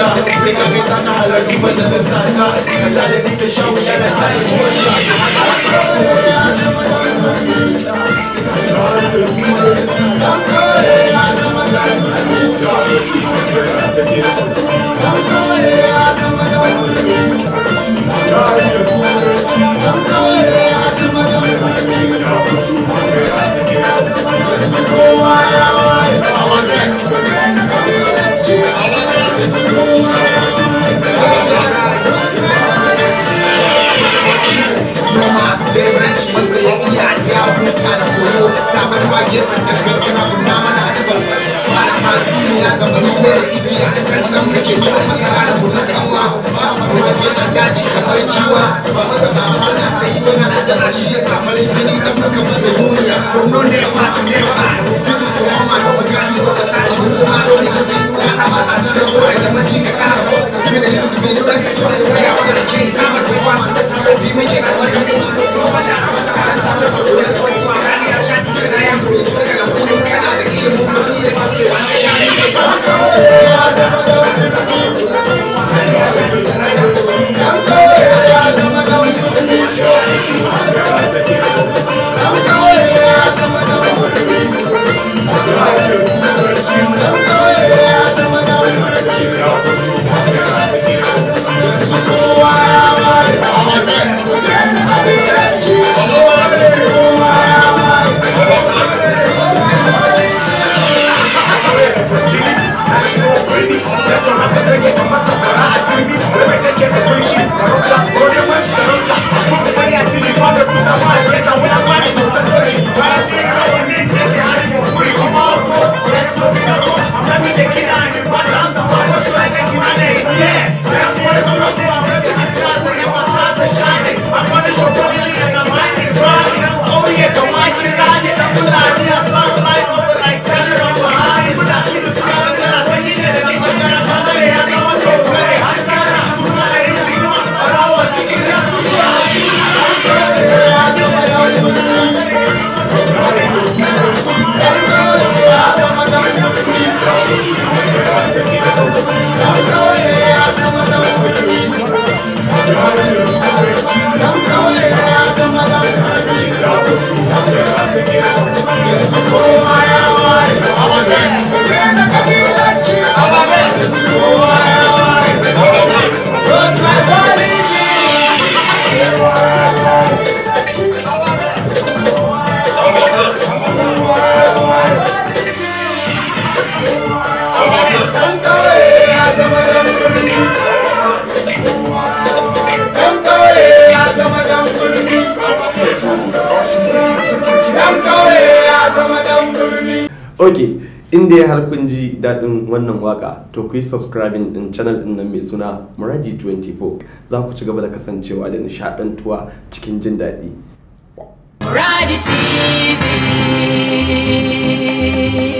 Take a piece of knowledge, but then the stars are. I'm tired of the show, we gotta tell you what's up. wani ma gefen dangan yana zama ko da ibi a kasar sam da masara da bulan kanwa ba a kuma yana daji kamar kiwa ba maka ba shi ya samu rinjini zama kamar duniya kunnon da ya ok inda ya har kun ji daɗin wannan waka to ku yi subscribing din channel ɗin nan mai suna muraji 24 za ku ci gaba da kasancewa da nishaɗantuwa cikin jin daɗi muraji tv